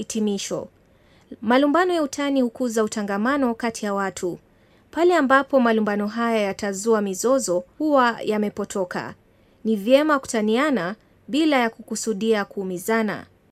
Hitimisho: malumbano ya utani hukuza utangamano kati ya watu. Pale ambapo malumbano haya yatazua mizozo, huwa yamepotoka. Ni vyema kutaniana bila ya kukusudia kuumizana.